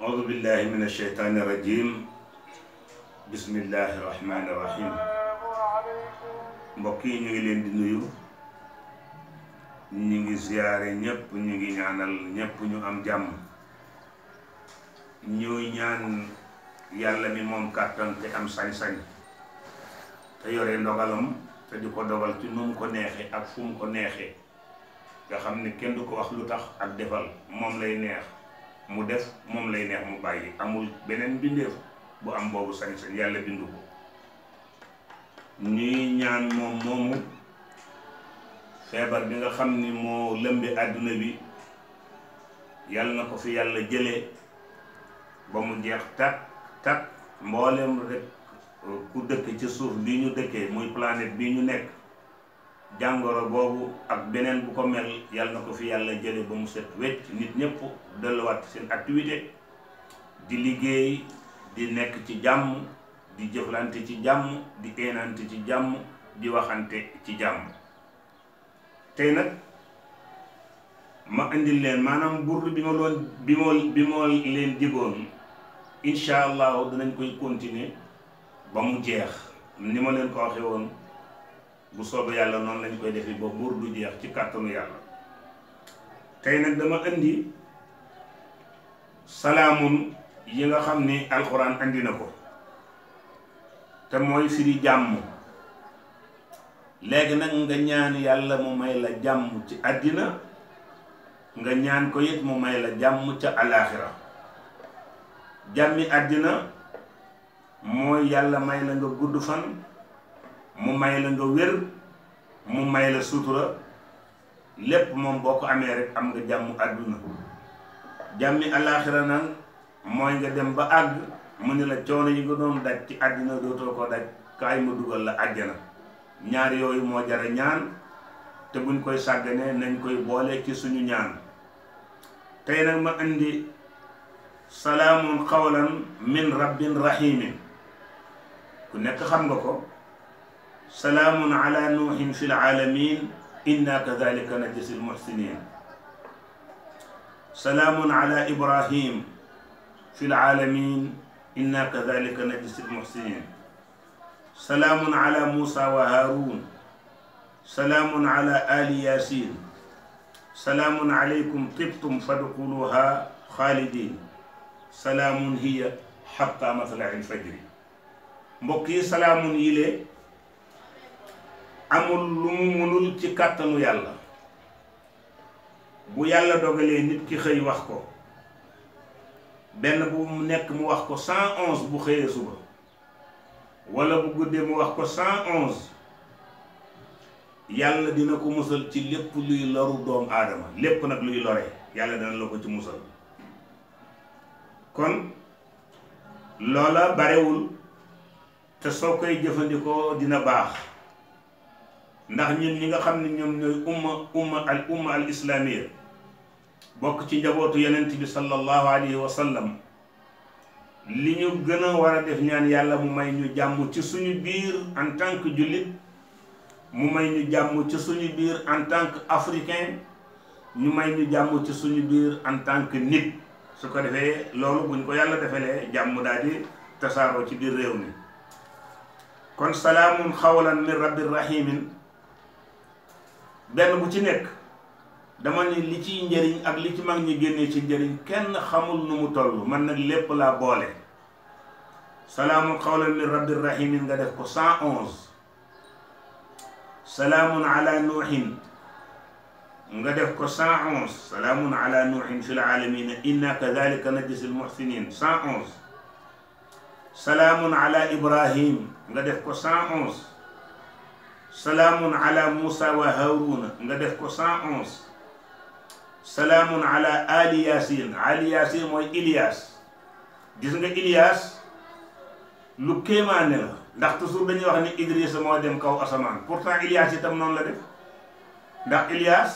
أعوذ بالله من الشيطان الرجيم بسم الله yi ñu ngi leen di nuyu ñu ngi ziyaare ñépp ñu ngi ñaanal ñépp ñu am jàmm ñuy ñaan yàlla mi moom kàttan te am sañ-sañ te yore ndogalam te di ko dogal ci nu mu ko neexe ak fu mu ko neexe nga xam ne kenn du ko wax lu tax ak defal moom lay neex mu def moom lay neex mu bàyyi amul beneen bindeef bu am boobu sañ-sañ yàlla bindu ko ñuy ñaan moom moomu feebar bi nga xam ni moo lëmbi àdduna bi yàlla na ko fi yàlla jëlee ba mu jeex takk takk mboolem rek ku dëkk ci suuf bi ñu dëkkee muy planète bii ñu nekk jàngoro boobu ak beneen bu ko mel yàlla ko fi yàlla jële ba mu set wecc nit ñëpp delluwaat seen activité di liggéey di nekk ci jàmm di jëflante ci jàmm di eenante ci jàmm di waxante ci jàmm tey nag ma indil leen maanaam burd bi ma doon bi moo bi moo leen digoon incha allahu koy continuer ba mu jeex ni ma leen ko waxee woon bu soobee yàlla noonu lañ koy defee ba buur du jeex ci kàttanu yàlla tey nag dama indi salaamun yi nga xam ni alxuraan andi na ko te mooy firi jàmm léegi nag nga ñaan yàlla mu may la jàmm ci àddina nga ñaan ko it mu may la jàmm ca alaaxira jàmmi àddina mooy yàlla may la nga gudd fan mu may la nga wér mu may la sutura lépp moom boo ko amee rek am nga jàmm àdduna jàmmi alaaxira nag mooy nga dem ba àgg mu ne la coono yi nga doon daj ci àddina dootoo ko daj kaay ma dugal la àjjana ñaar yooyu moo jara ñaan te buñ koy sàgganee nañ koy boole ci suñu ñaan tey nag ma indi salaamun xawlan min rabbin rahimin ku nekk xam nga ko سلام على نوح في العالمين إنا كذلك نجزي المحسنين سلام على إبراهيم في العالمين إنا كذلك نجزي المحسنين سلام على موسى وهارون سلام على آل ياسين سلام عليكم طبتم فادخلوها خالدين سلام هي حتى مطلع الفجر mbokk سلام إليه amul lu mu mënul ci kàttanu yàlla bu yàlla dogalee nit ki xëy wax ko benn bu mu nekk mu wax ko cent onze bu xëyee suba wala bu guddee mu wax ko cent onze yàlla dina ko musal ci lépp luy loru doomu aadama lépp nag luy lore yàlla dana la ko ci musal kon loola barewul te soo koy jëfandikoo dina baax ndax ñun ñi nga xam ne ñoom ñooy umma umma al umma al islaamiya bokk ci njabootu yonent bi sallallahu alayhi wa sallam li ñu gën a war a def ñaan yàlla mu may ñu jàmm ci suñu biir en tant que mu may ñu jàmm ci suñu biir en tant que africain ñu may ñu jàmm ci suñu biir en tant que nit su ko defee loolu buñ ko yàlla defalee jàmm daal di tasaaroo ci biir réew mi kon salaamun xawlan min rabbir rahimin benn bu ci nekk dama ne li ci njëriñ ak li ci mag ñi génnee ci njëriñ kenn xamul nu mu toll man nag lépp laa boole salaamun qawlan min rabbi rahimin nga def ko 111 salaamun ala nuuhin nga def ko 111 salaamun ala nuuhin fi laalamina inna kadalika najzi lmuxsinin 111 salaamun ala ibrahim nga def ko 111 salaamun ala Moussa wa Harouna nga def ko 111 salaamun ala Ali Yaasin Ali Yaasin mooy Ilias gis nga Ilias lu kéemaane la ndax toujours dañuy wax ni Idrissa moo dem kaw asamaan pourtant Ilias itam noonu la def ndax Ilias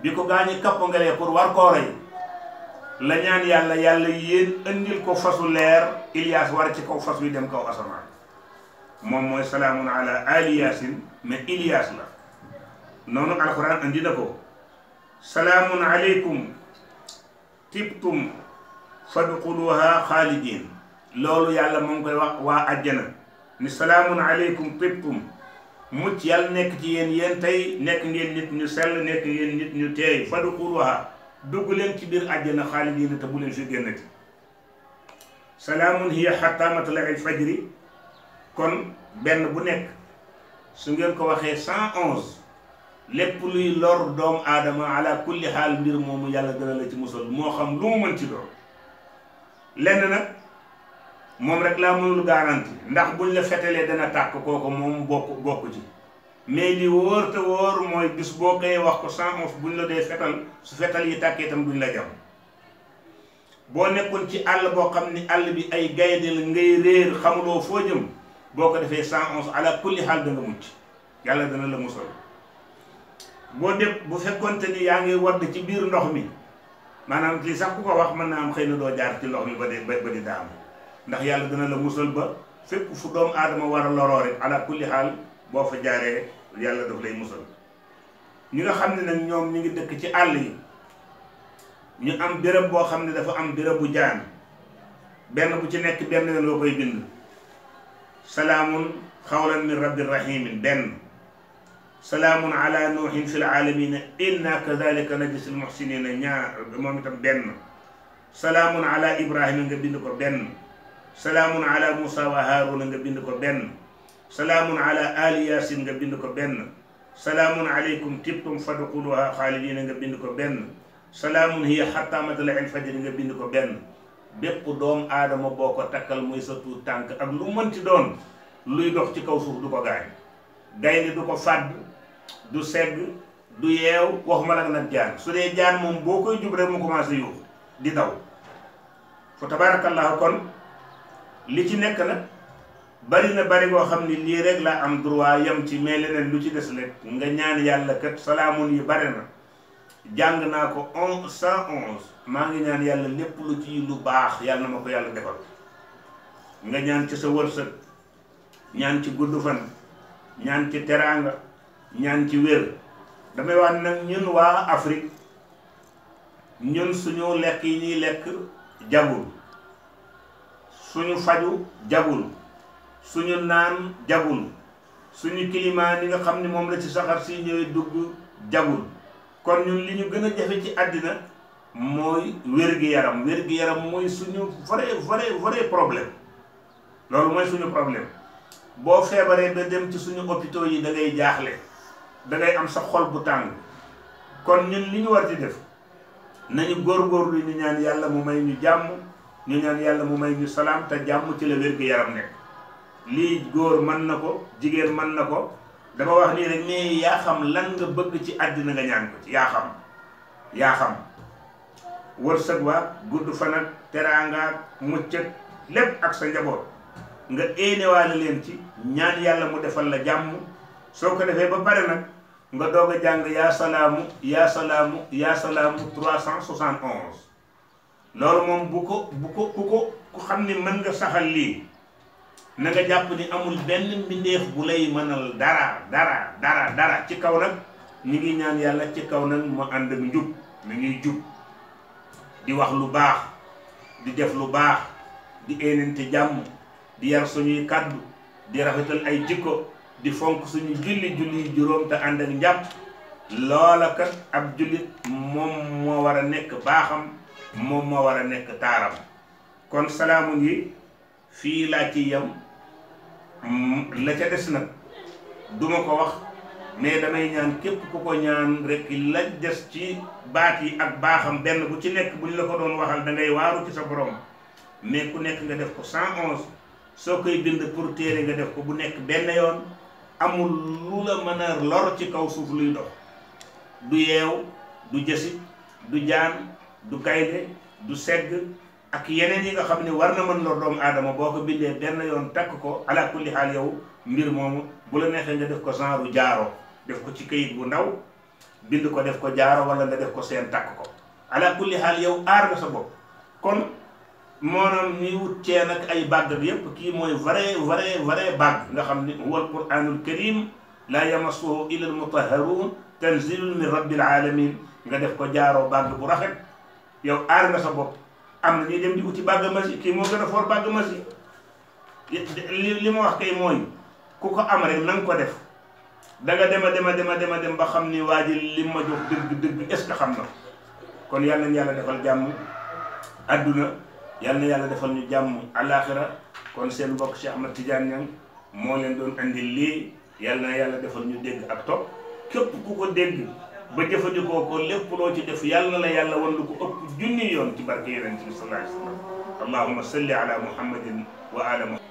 bi ko gaañi kappangalee pour war koo rey la ñaan yàlla yàlla yéen andil ko fasu leer Ilias war ci kaw fas wi dem kaw asamaan moom mooy salaamun ala ali yaasin mais ilias la noonu alxuraan andi na ko salaamun aleykum tibtum fadxuluha xaalidin loolu yàlla moo ngi wax waa àjjana ni salamun alaykum tibtum mucc yal nek ci yéen yéen tay nek ngeen nit ñu sel nek ngeen nit ñu teey fadxuluha dug leen ci bir aljana xaalidin te bu leen fi génnati salaamun hiya xataa matla'il fajri kon ben bu nek su ngeen ko waxe 111 lépp luy lor doomu adama ala kulli hal mbir momu yàlla dana la ci musul mo xam lu mu mën ci do lenn nak mom rek la mënul garantie ndax buñ la fetelee dana tak koko mom bokku bokku ci mais li wor te wor moy bis boo wax ko 111 buñ la dé fetal su fetal yi tàkkee tam buñ la jam bo nekkoon ci àll bo xamni àll bi ay gayde la ngay réer xamulo fo jëm boo ko defee cent onze ala kulli xaal da nga mucc yàlla dana la musal boo def bu fekkonte ni yaa ngi wadd ci biir ndox mi maanaam lii sax ku ko wax mën naa am xëy na doo jaar ci ndox mi ba di ba di daam ndax yàlla dana la musal ba fépp fu doomu aadama war a loroo rek ala xaal boo fa jaaree yàlla daf lay musal ñi nga xam ne nag ñoom ñu ngi dëkk ci àll yi ñu am béréb boo xam ne dafa am béréb bu jaan benn bu ci nekk benn yoon nga koy bind salaamun xawlan min rabbin rahimin benn salaamun ala nuuhin fi laalamina inna kadalika najzi lmuxsinina ñaar moom itam benn salaamun ala ibrahima nga bind ko benn salaamun ala musa wa haaruna nga bind ko benn salaamun ala ali yasin nga bind ko benn salaamun alaykum tibtum fadxuluha xaalidina nga bind ko benn salaamun hiya xatta matla'il fajri nga bind ko benn bépp doom aadama boo ko takkal muy sa tuut tànk ak lu mënti doon luy dox ci kaw suuf du ko gaañ gaynde du ko fàdd du segg du yeew waxuma la nag jaan su dee jaan moom boo koy jub rek mu commencé yuux di daw fa tabaarakallaahu kon li ci nekk nag bari na bari boo xam ni lii rek laa am droit yam ci mais leneen lu ci des rek nga ñaan yàlla kat salaamun yi bari na jang na ko 111 ma ngi ñaan yalla lepp lu ci lu baax yalla na ma ko defal nga ñaan ci sa wërsëg ñaan ci guddu fan ñaan ci teranga ñaan ci wër dama wax nak ñun wa Afrique ñun suñu lekk yi ñi lekk jabul suñu faju jabul suñu naan jabul suñu climat ni nga xamni mom la ci saxar si ñëwee dugg jabul kon ñun li ñu gën a jafe ci àddina mooy wér-gi-yaram wér-gi-yaram mooy suñu vrai vrai vrai problème loolu mooy suñu problème boo feebaree ba dem ci suñu hôpitaux yi dangay jaaxle dangay am sa xol bu tàng kon ñun li ñu war di def nañu góorgóorlu ñu ñaan yàlla mu may ñu jàmm ñu ñaan yàlla mu may ñu salaam te jàmm ci la wér-gi-yaram nekk lii góor mën na ko jigéen mën na ko dama wax nii rek mais yaa xam lan nga bëgg ci àddina nga ñaan ko ci yaa xam yaa xam wërsëg waa gudd fan ak teraanga lépp ak sa njaboot nga éenewaale leen ci ñaan yàlla mu defal la jàmm soo ko defee ba pare nag nga doog a jàng yaa salaamu yaa salaamu yaa salaamu 371 loolu moom bu ko bu ko ku ko ku xam ni mën nga saxal lii na nga japp ni amul benn mbindeef bu lay manal dara dara dara dara ci kaw nag ñu ngi ñaan yàlla ci kaw nag mu ànd ak njub mi ngi jub di wax lu baax di def lu baax di éenante jàmm di yar suñuy kàddu di rafetal ay jikko di fonk suñu julli julli juróom te ànd ak njàpp loola kat ab jullit moom moo war a nekk baaxam moom moo war a kon salaamun yi fii laa ci yam Mm, la ca des nag duma ko wax mais damay ñaan képp ku ko ñaan rek la des ci baat yi ak baaxam benn bu ci nekk bu ñu la ko doon waxal da ngay waaru ci sa borom mais ku nekk nga def ko 111 soo koy bind pour téere nga def ko bu nekk benn yoon amul lu la mën a lor ci kaw suuf luy dox du yeew du jësit du jaan du gaynde du segg ak yeneen yi nga xam ne war na mën lor doomu aadama boo ko bindee benn yoon takk ko ala kulli xaal yow mbir moomu bu la neexee nga def ko genre jaaro def ko ci këyit bu ndaw bind ko def ko jaaro wala nga def ko seen takk ko ala kulli xaal yow aar nga sa bopp kon moonam ñuy wut ceen ay bàgg bi yépp kii mooy vrai vrai vrai bàgg nga xam ne wal qouranul karim la yamassuhu illa al tanzilun min rabbil alamin nga def ko jaaro bàgg bu rafet yow aar nga sa bopp am na ñuy dem di uti bàgg masi kii moo gën a foor bàgg masi li li ma wax kay mooy ku ko am rek na ko def danga dem a dem a dema a dem a dem ba xam ni waa ji li ma jox dëgg dëgg est ce que xam na kon yal nañu yàlla defal jàmm adduna yal yàlla defal ñu jàmm alaxira kon seen mbokk Cheikh Ahmad Tidiane Niang moo leen doon andi lii yal na yàlla defal ñu dégg ak topp képp ku ko dégg. ba jëfandikoo ko lépp loo ci def yàlla la yàlla wan lu ko ëpp junni yoon ci barke yonent bi sallallahu alayhi wa sallam allahumma salli ala muhammadin wa ala